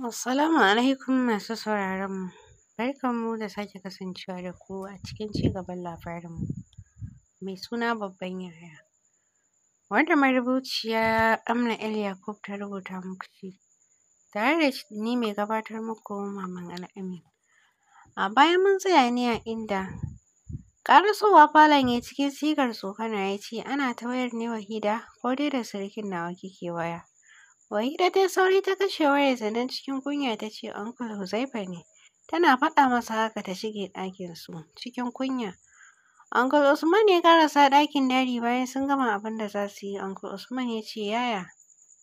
Assalamu alaikum masu sauraron mu. Barkan mu da sake kasancewa da ku a cikin cigaban labarin mu. Mai suna babban yaya. Wanda marubuciya Amna El Yakub ta rubuta muku shi. Tare da ni mai gabatar muku Maman Al'amin. A baya mun tsaya ne a inda ƙarasowa falon ya cikin sigar tsokana ya ce ana ta wayar ne Wahida ko dai da sarkin nawa kike waya. Wahida ta sauri ta kashe wayar sannan cikin kunya ta ce Uncle Huzaifa ne. Tana faɗa masa haka ta shige su cikin kunya. Uncle Usman ya karasa ɗakin dari bayan sun gama abin da za su yi. Uncle Usman ya ce yaya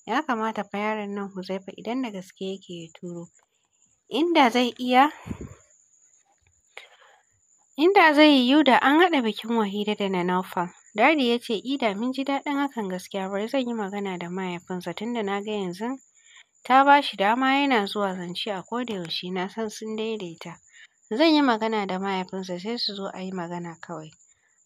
ya kamata fa yaron nan Huzaifa idan da gaske yake ya turo. Inda zai iya inda zai yiwu da an haɗa bikin Wahida da na Naufal. Dadi ya ce, Ida mun ji daɗin hakan gaskiya bari zan yi magana da mahaifinsa tunda na ga yanzu ta ba shi dama yana zuwa zance a kodayaushe na san sun daidaita. Zan yi magana da mahaifinsa sai su zo a yi magana kawai.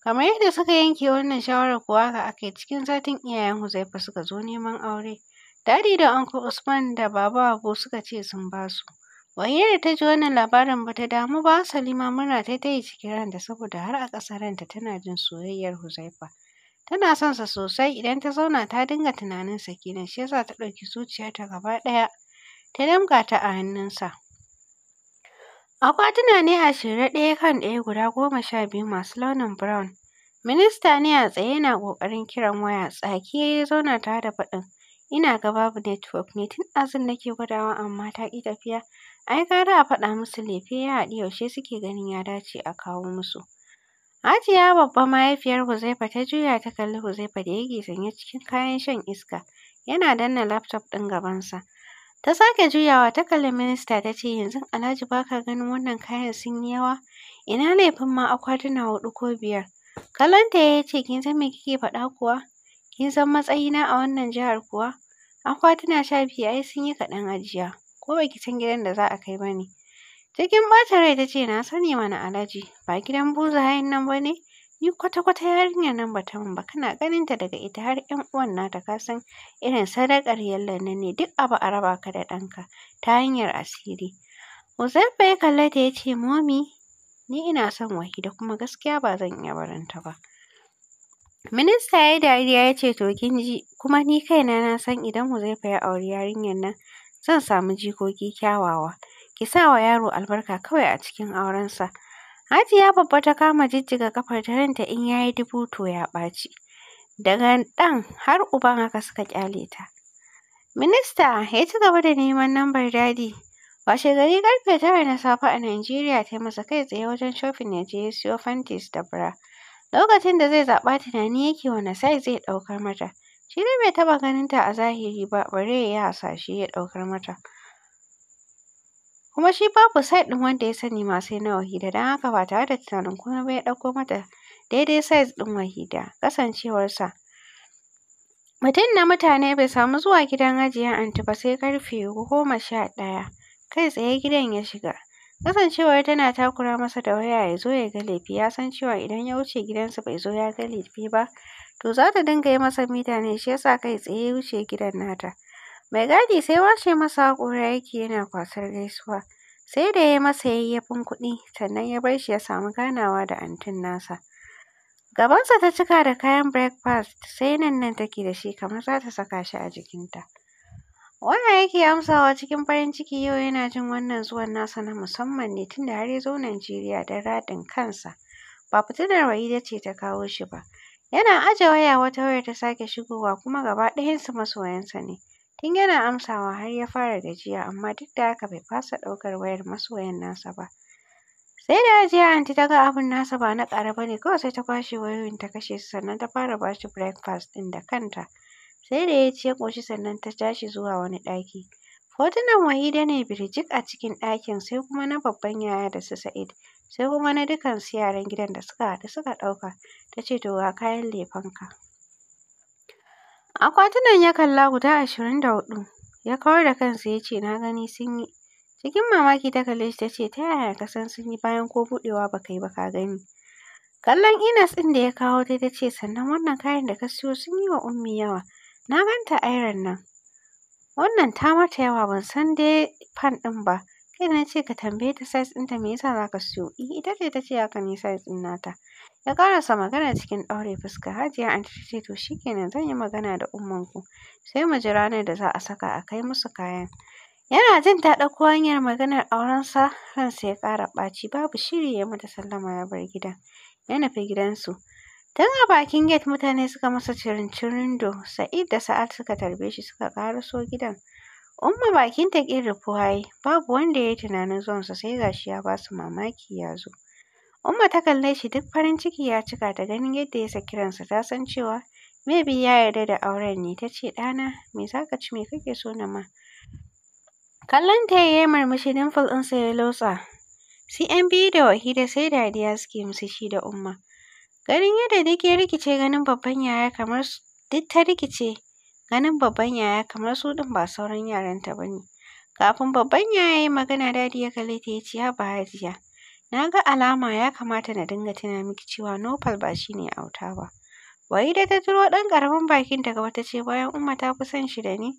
Kamar yadda suka yanke wannan shawarar kuwa ka aka cikin zatin iyayen Huzaifa suka zo neman aure. Dadi da Uncle Usman da Baba Abu suka ce sun basu. Wanye da ta ji wannan labarin ba ta damu ba Salima muna ta ta yi cikin ranta saboda har a ƙasa ranta tana jin soyayyar Huzaifa. Tana son sa sosai idan ta zauna ta dinga tunanin sa kenan shi yasa ta ɗauki zuciyarta gaba ɗaya ta damƙa ta a hannunsa. Akwatuna ne a shirye ɗaya kan ɗaya guda goma sha biyu masu launin brown. Minista ne a tsaye yana ƙoƙarin kiran waya tsaki ya yi zauna tare da faɗin ina ga babu network ne tun azin nake gwadawa amma ta ƙi tafiya. ai da a faɗa musu lefe ya haɗu yaushe suke ganin ya dace a kawo musu Hajiya babba mahaifiyar Huzaifa ta juya ta kalli Huzaifa da yake sanye cikin kayan shan iska yana danna laptop ɗin gabansa ta sake juyawa ta kalli minista ta ce yanzu Alhaji ba ka ganin wannan kayan sun yi yawa ina laifin ma akwatuna huɗu ko biyar kallonta ya ce kin san me kike faɗa kuwa kin san matsayina a wannan jihar kuwa akwatuna sha biyu ai sun yi kaɗan ajiya ko baki san gidan da za a kai ba ne. Cikin ɓata rai ta ce na sani mana Alhaji ba gidan buzayen nan ba ne. Ni kwata-kwata yarinyar nan ba ta min ba kana ganin ta daga ita har ƴan uwan nata ka san irin sadakar yallan nan ne duk abu a raba ka da ɗanka ta hanyar asiri. huzaifa ya kalle ta ya ce momi ni ina son Wahida kuma gaskiya ba zan iya barin ta ba. Minista ya yi dariya ya ce to kin ji kuma ni kaina na san idan Huzaifa ya auri yarinyar nan Zan samu jikoki kyawawa. Ki sa wa yaro albarka kawai a cikin aurensa. Hajiya babba ta kama jijjiga kafar ta ranta in ya yi dubu to ya ɓaci. Daga ɗan har uban haka suka ƙyale ta. Minista ya ci gaba da neman lambar dadi. Washe gari karfe tara na safe a Najeriya ta masa kai tsaye wajen shofin ya je ya siyo Fantis da bra. Lokacin da zai zaɓa tunani yake wane size zai ɗaukar mata. Shi dai bai taɓa ganinta a zahiri ba, bare ya hasashe ya ɗaukar mata. Kuma shi babu site ɗin wanda ya sani ma sai na Wahida, don haka ba tare da tunanin komai ba ya ɗauko mata daidai size ɗin Wahida, kasancewarsa. Mutum na mutane bai samu zuwa gidan Hajiya Anti ba sai ƙarfe goma sha ɗaya, kai tsaye gidan ya shiga. Kasancewar tana takura masa da waya ya zo ya ga laifi, ya san cewa idan ya wuce gidansa bai zo ya ga laifi ba, to za ta dinga yi masa mita ne shi yasa kai tsaye wuce gidan nata mai gadi sai washe masa haƙora yake yana kwasar gaisuwa sai da ya masa yayyafin kuɗi sannan ya bar shi ya samu ganawa da antin nasa gabansa ta cika da kayan breakfast sai nan nan take da shi kamar za ta saka shi a jikinta wannan yake amsawa cikin farin ciki yau yana jin wannan zuwan nasa na musamman ne tunda har ya zo Najeriya don raɗin kansa ba fitinar Wa'ida ce ta kawo shi ba Yana aje waya wata wayar ta sake shigowa kuma gaba ɗayansu masoyansa ne. Tun yana amsawa har ya fara gajiya amma duk da haka bai fasa ɗaukar wayar masoyan nasa ba. Sai da ajiya anti ta ga abin nasa ba na ƙara ba ne kawai sai ta kwashe wayoyin ta kashe su sannan ta fara bashi shi breakfast ɗin da kanta. Sai da ya ci ya ƙoshi sannan ta tashi zuwa wani ɗaki. Hotunan Wahida ne birjik a cikin ɗakin sai kuma na babban yaya da su Sa'id. sai kuma na dukansu yaran gidan da suka haɗu suka ɗauka ta ce to ga kayan lefenka akwatunan ya kalla guda ashirin da hudu ya kawar da kansa ya ce na gani sun yi cikin mamaki ta kalle shi ta ce ta yaya ka san sun yi bayan ko buɗewa ba kai ba ka gani kallon inas ɗin da ya kawo dai ta ce sannan wannan kayan da ka siyo sun yi wa ummi yawa na ganta airan nan wannan ta mata yawa ban san dai fan ɗin ba sai na ce ka tambaye ta size ɗinta me yasa zaka siyo siyo eh, ita ce ta ce haka ne size ɗin nata ya karasa magana cikin ɗaure fuska hajiya anti ta ce to shikenan zan yi magana da ku sai mu ji ranar da za a saka a kai musu kayan yana jin ta ɗauko hanyar maganar aurensa ransa ya ƙara ɓaci babu shiri ya mata sallama ya bar gidan ya nufi gidansu tun a bakin gate mutane suka masa cirin-cirindo sa'id da sa'ad suka tarbe shi suka ƙaraso gidan Umma bakinta ƙin rufuwa yi, babu wanda yayi tunanin zuwan sa sai gashi ya basu mamaki ya zo. Umma ta kalle shi duk farin ciki ya cika ta ganin yadda ya saki ransa ta san cewa maybe ya yarda da auren ne ta ce ɗana me za ka ci me kake so na ma. Kallon ta ya yi murmushi dimple sa ya lotsa. biyu da Wahida sai dariya suke musu shi da Umma. Ganin yadda duk ya rikice ganin babban yaya kamar duk ta rikice Ganin babban yaya kamar su din ba sauran yaranta ba ne. Kafin babban yaya ya yi magana dadi ya kalle ta ya ba haba Hajiya. Na ga alama ya kamata na dinga tuna miki cewa Nopal ba shine ne auta ba. dai ta turo ɗan karamin bakin ta wata ce bayan Umma ta fi son shi da ni.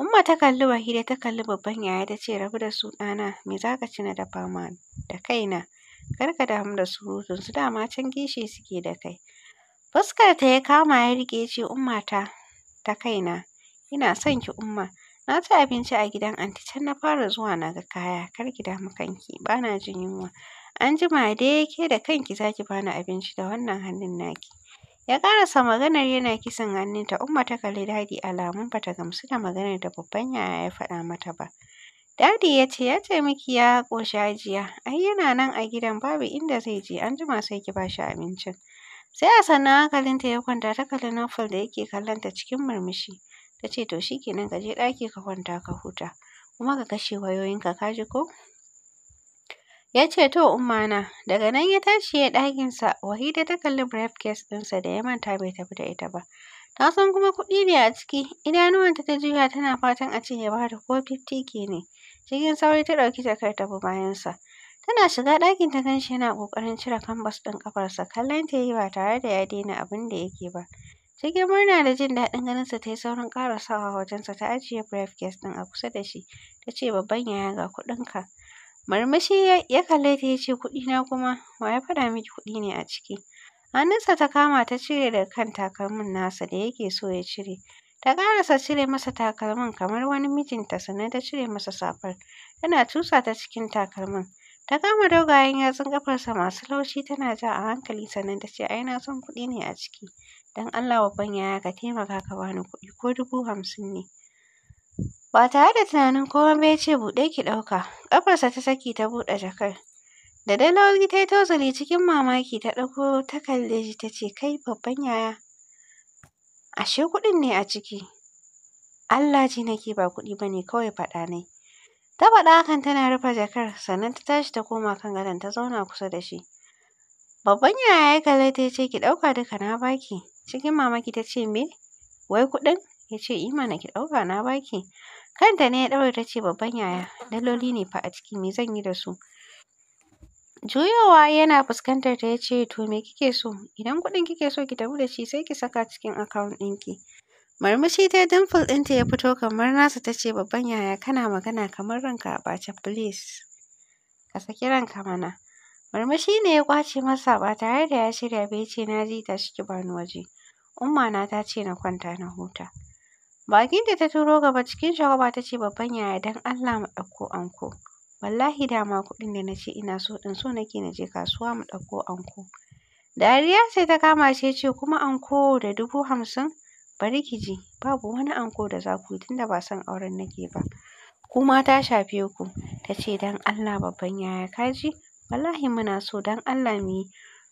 Umma ta kalli Wahida ta kalli babban yaya ta ce rabu da su dana me za ka ci na dafa ma da kaina. Kar ka damu da surutun su dama can gishi suke da kai. Fuskar ta ya kama ya rike ya Umma ta ta kaina. Ina son ki Umma. Na ci abinci a gidan anti can na fara zuwa na ga kaya. Kar ki damu kanki, bana jin yunwa. An jima dai ke da kanki za ki bani abinci da wannan hannun naki. Ya karasa maganar yana kisan hannunta. Umma ta kalli Dadi alamun ba ta gamsu da maganar da babban yaya ya faɗa mata ba. Dadi ya ce ya ce miki ya ƙoshi hajiya. Ai yana nan a gidan babu inda zai je. An jima sai ki ba shi abincin. Sai a sannan ta ya kwanta ta kalli Nuffal da yake kallonta cikin murmushi. Ta ce to shi kenan ka je ɗaki ka kwanta ka huta kuma ka kashe wayoyinka ka ji ko? Ya ce to ummana daga nan ya tashi ya ɗakinsa Wahida ta kalli ɗin ɗinsa da ya manta bai tafi da ita ba. Ta san kuma kuɗi ne a ciki idanuwanta ta juya tana fatan a ce ya bata ko 50k ne. Cikin sauri ta ɗauki jakar ta bi bayansa. Tana shiga ɗakin ta ganshi yana ƙoƙarin cire kambas ɗin ƙafarsa. Kallon ta yi ba tare da ya daina abin da yake ba. Cikin murna da jin daɗin ganinsa ta yi saurin sawa ƙarasawa wajensa ta ajiye case ɗin a kusa da shi. Ta ce babban yaya ga kuɗinka. Murmushi ya kalle ta ya ce kuɗi na kuma wa ya faɗa miki kuɗi ne a ciki. Hannunsa ta kama ta cire da kan takalmin nasa da yake so ya cire. Ta ƙarasa cire masa takalmin kamar wani mijinta sannan ta cire masa safar. Tana cusa ta cikin takalmin. Ta kama dogayen yatsun ƙafarsa masu laushi tana ja a hankali sannan ta ce ai na san kuɗi ne a ciki. Don Allah babban yaya ka taimaka ka bani kuɗi ko dubu hamsin ne. Ba tare da tunanin komai ba ya ce buɗe ki ɗauka. Ƙafarsa ta saki ta buɗe jakar. Da daloli ta yi tozali cikin mamaki ta ɗauko ta kalle shi ta ce kai babban yaya. Ashe kuɗin ne a ciki. Allah ji nake ba kuɗi ba ne kawai faɗa nai. Ta faɗa hakan tana rufe jakar sannan ta tashi ta koma kan gadon ta zauna kusa da shi. Babban yaya ya kalle ta ya ce ki ɗauka duka na baki. Cikin mamaki ta ce me? Wai kuɗin? Ya ce i eh mana ki ɗauka na baki. Kanta ne ya ɗaure ta ce babban yaya daloli ne fa a ciki me zan yi da su? Juyowa yana fuskantar ta ya ce to me kike so? Idan kuɗin kike so ki tafi da shi sai ki saka cikin akawun ɗinki. Marmashi dai dimple ɗinta ya fito kamar nasa ta ce babban yaya kana magana kamar ranka a ɓace please. Ka saki ranka mana. Marmashi ne ya ƙwace masa ba tare da ya shirya ba ya ce na ji ta shi ki bani waje. Umma na ta ce na kwanta na huta. Bakin da ta turo gaba cikin shagwaba ta ce babban yaya don Allah mu ɗauko anko. Wallahi dama kuɗin da na ce ina so ɗin so nake na je kasuwa mu ɗauko anko. Dariya sai ta kama shi ya ce kuma anko da dubu hamsin? Bari ki ji, babu wani anko da za ku yi tunda ba son auren nake ba. Ku ma ta shafe ku. Ta ce don Allah babban yaya ka ji? Wallahi muna so don Allah mu yi.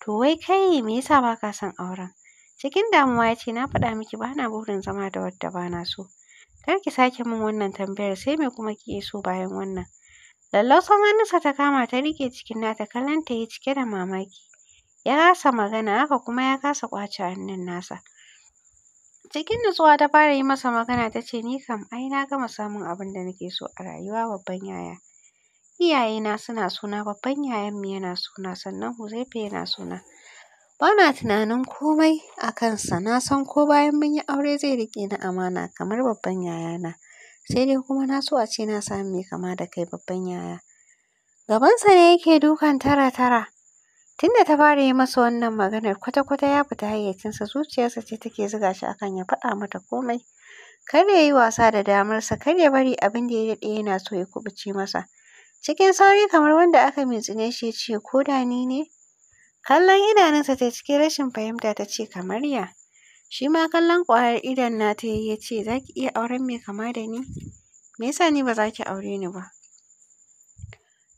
To wai kai me yasa ba ka son auren? Cikin damuwa ya ce na faɗa miki ba na burin zama da wadda ba na so. Kar ki sake min wannan tambayar sai me kuma kike so bayan wannan. Lallausan hannunsa ta kama ta riƙe cikin nata kallon ta yi cike da mamaki. Ya kasa magana haka kuma ya kasa ƙwace hannun nasa. Cikin nutsuwa ta fara yi masa magana ta ce, Ni kam ai na gama samun abin da nake so a rayuwa babban yaya. Iyayena suna suna, babban yayan mu yana suna, sannan Huzaifa yana suna. Ba na tunanin komai a kansa, na san ko bayan mun yi aure zai riƙe ni amana kamar babban yayana. Sai dai kuma na so a ce na sami mai kama da kai babban yaya. Gabansa ne yake dukan tara-tara. Tunda ta fara yi masa wannan maganar kwata-kwata ya fita hayyacinsa zuciyarsa ce take zuga shi akan ya faɗa mata komai. Kar ya yi wasa da damarsa, kar ya bari abin da ya daɗe yana so ya kuɓuce masa. Cikin sauri kamar wanda aka mintsine shi ya ce ko da ni ne? Kallon idanunsa ta cikin rashin fahimta ta ce kamar ya? Shi ma kallon ƙwayar idon nata ya ce za ki iya auren mai kama da ni? Me ya sa ni ba za ki aure ni ba?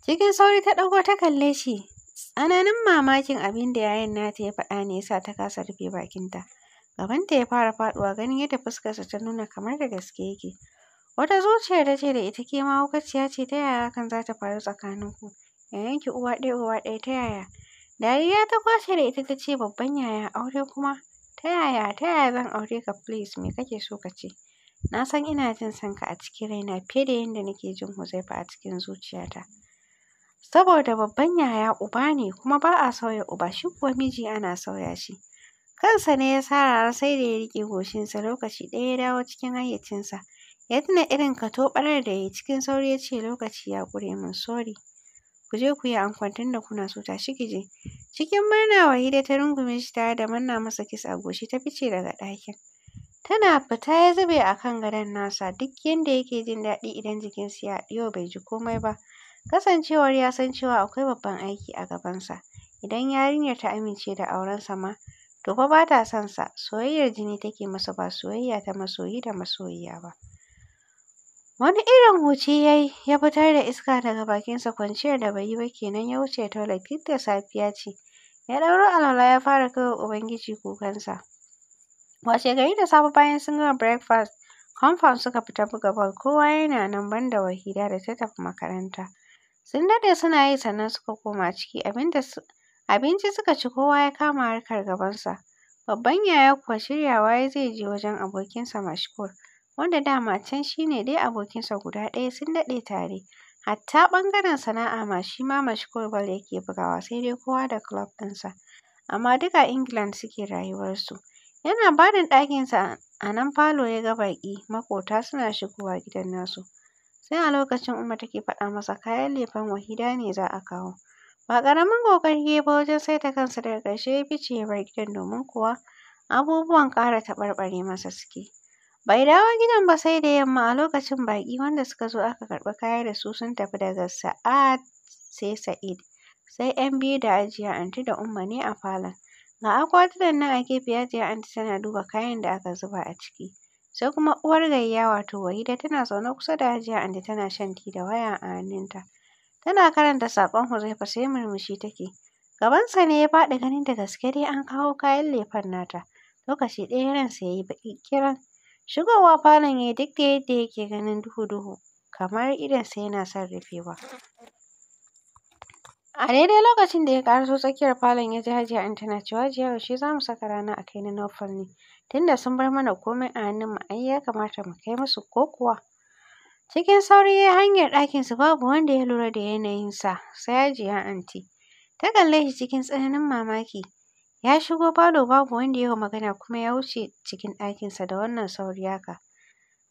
Cikin sauri ta ɗauko, ta kalle shi Tsananin mamakin abin da yayan nata ya faɗa ne ya sa ta kasa rufe bakinta. Gabanta ya fara faɗuwa ganin yadda fuskarsa ta nuna kamar da gaske yake. Wata zuciyar ta ce da ita ke ma hukaciya ce ta yaya hakan za ta faru tsakaninku. Yayanki uwa ɗaya uwa ɗaya ta yaya. Dariya ta kwashe da ita ta ce babban yaya aure kuma. Ta yaya ta yaya zan aure ka please me kake so ka ce. Na san ina jin son a cikin raina fiye da yadda nake jin Huzaifa a cikin zuciyata. Saboda babban yaya uba ne kuma ba a sauya uba shi kuwa miji ana sauya shi. Kansa ne ya sarara sai da ya riƙe goshinsa lokaci ɗaya ya dawo cikin hayyacinsa. Ya tuna irin katobarar da ya cikin sauri ya ce lokaci ya ƙure min sori Ku je ku yi ankwantin da kuna so tashi ki je. Cikin murna Wahida ta rungume shi tare da manna masa kis a goshi ta fice daga ɗakin. Tana fita ya zube a kan gadon nasa duk yadda yake jin daɗi idan jikinsa ya haɗu bai ji komai ba. Kasancewar ya san cewa akwai babban aiki a gabansa, idan yarinyar ta amince da aurensa ma, to fa ba ta son sa, soyayyar jini take masa ba soyayya ta masoyi da masoyiya ba. Wani irin huci ya ya fitar da iska daga bakinsa, kwanciyar da bai yi ba kenan ya wuce toilet duk da safiya ce. Ya ɗauro alwala ya fara kai wa Ubangiji kukansa. gari da safe bayan sun gama breakfast, Confam suka fita buga ball kowa yana nan banda Wahida da ta tafi makaranta. Sun daɗe suna yi sannan suka koma ciki abinci suka ci kowa ya kama harkar gabansa. Babban yaya kuwa shiryawa yayi zai je wajen abokinsa Mashkur, wanda dama can shine ne dai abokinsa guda ɗaya sun daɗe tare. Hatta ɓangaren sana'a ma shi ma Mashkur bal yake bugawa sai dai kowa da kulob ɗinsa. Amma duk a England suke rayuwarsu. Yana barin ɗakinsa a nan falo ya ga baƙi maƙota suna shigowa gidan nasu. sai a lokacin umar take faɗa masa kayan lefen Wahida ne za a kawo. Ba ƙaramin ƙoƙari ya yi ba wajen saita kansa daga ƙarshe ya fice ya bar gidan domin kuwa abubuwan ƙara taɓarɓare masa suke. Bai dawo gidan ba sai da yamma a lokacin baƙi wanda suka zo aka karɓi kaya da su sun tafi daga Sa'ad sai Sa'id. Sai 'yan biyu da ajiya Anti da Umma ne a falon. Ga akwatunan nan a gefe Hajiya Anti tana duba kayan da aka zuba a ciki. Sai kuma uwar gayya wato Wahida tana zaune kusa da hajiya inda tana shan tea da waya a hannunta. Tana karanta saƙon Huzaifa sai murmushi take. Gabansa ne ya faɗi ganin da gaske dai an kawo kayan lefen nata. Lokaci ɗaya ransa ya yi baƙi ƙiran. Shigowa falon ya duk da yadda yake ganin duhu-duhu kamar idonsa yana son rufewa. A daidai lokacin da ya ƙaraso tsakiyar falon ya ji Hajiya in tana cewa, Hajiya shi za mu saka rana a kai na Nofal ne? Tunda sun bar mana komai a hannunmu ai ya kamata mu kai musu ko kuwa? Cikin sauri ya yi hanyar ɗakinsa, babu wanda ya lura da yanayin sa, sai Hajiya Anti. Ta kalle shi cikin tsananin mamaki. Ya shigo falo babu wanda ya yi magana kuma ya wuce cikin ɗakinsa da wannan sauri haka.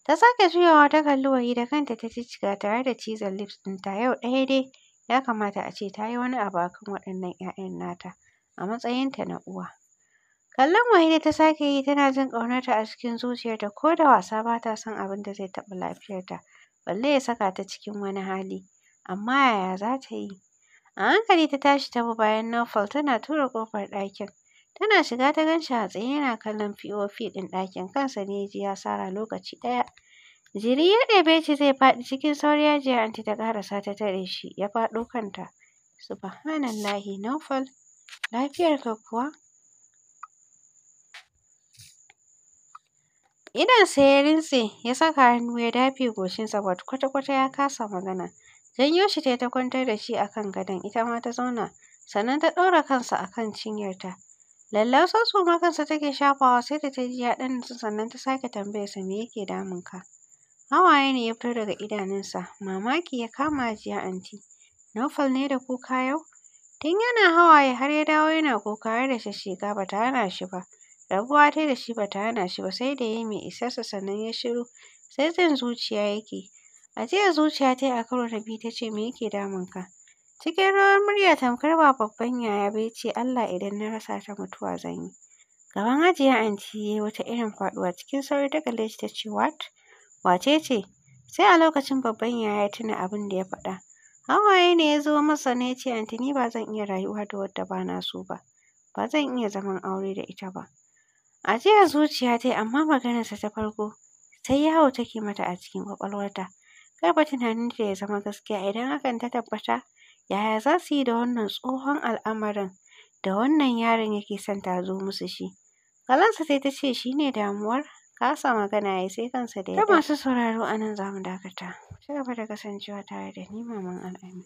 Ta sake juyawa ta kalli waje da kanta ta jijjiga tare da cizon lips ɗinta yau ɗaya dai. Ya kamata a ce ta wani abu a kan waɗannan 'ya'yan nata a matsayinta na uwa. Kallon Wahida ta sake yi tana jin ƙaunarta a cikin zuciyarta ko da wasa bata son abin da zai taɓa lafiyarta balle ya saka ta cikin wani hali. Amma yaya zata yi? A hankali ta tashi ta bi bayan Naufal tana tura ƙofar ɗakin. Tana shiga ta ganshi a tsaye yana kallon POP ɗin ɗakin kansa ne ya ji ya sara lokaci ɗaya. Jiri ya ɗebe shi zai faɗi cikin sauri ya je anti ta ƙarasa ta tare shi ya faɗo kanta. Subhanallahi Naufal, lafiyarka kuwa? sa ya rintse ya saka hannu ya dafe goshinsa but kwata-kwata ya kasa magana. Janyo shi tai ta kwantar da shi akan gadon ita ma ta zauna sannan ta ɗaura kansa a kan cinyarta. Lallausar ma kansa take shafawa sai da ta ji ya ɗan natsu sannan ta sake tambayarsa me yake ka. Hawaye ne ya fito daga idanunsa, mamaki ya kama ajiya Anti. Naufal ne da kuka yau? Tun yana hawaye har ya dawo yana kuka har da shashshega ba ta hana shi ba. Rabuwa ta da shi ba ta hana shi ba sai da ya yi mai isarsa sannan ya shiru sai jin zuciya yake. Ajiyar zuciya ta a karo na biyu ta ce me yake ka? Cikin rawar murya tamkar ba babban yaya ba ya ce Allah idan na rasa ta mutuwa zan yi. Gaban Hajiya Anti ya yi wata irin faɗuwa cikin sauri ta kalle shi ta ce what? wace ce sai a lokacin babban yaya ya tuna abin da ya faɗa hawaye ne ya zo masa ne ya ce anti ni ba zan iya rayuwa da wadda ba na so ba ba zan iya zaman aure da ita ba a jiya zuciya ta yi amma maganarsa ta farko sai yawo take mata a cikin kai ba tunanin da ya zama gaskiya idan hakan ta tabbata yaya za su yi da wannan tsohon al'amarin da wannan yaron yake son ta zo musu shi kalansa sai ta ce shi ne damuwar kasa magana ya sai kansa da ya masu sauraro a nan za dakata. ci gaba da kasancewa tare da ni Maman Al'amin.